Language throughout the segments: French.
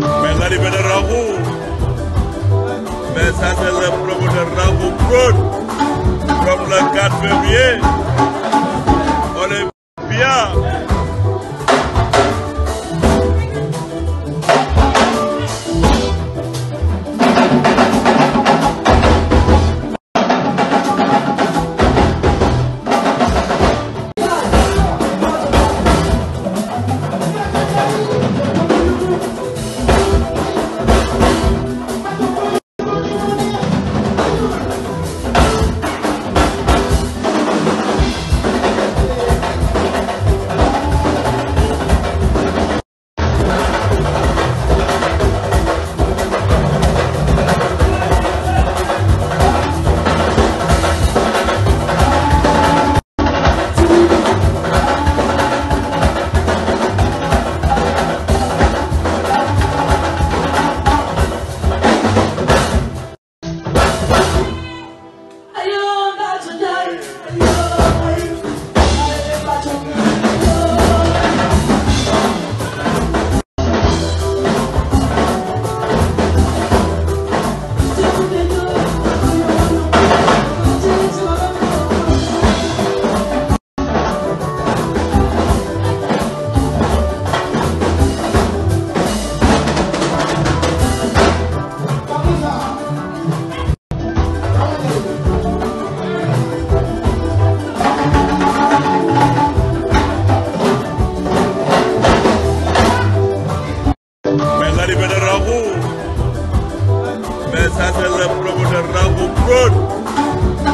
Mezali bene ragu. Mais ça c'est le promoteur ragu brut. Comme kat 4 février.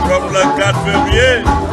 comme la le 4 février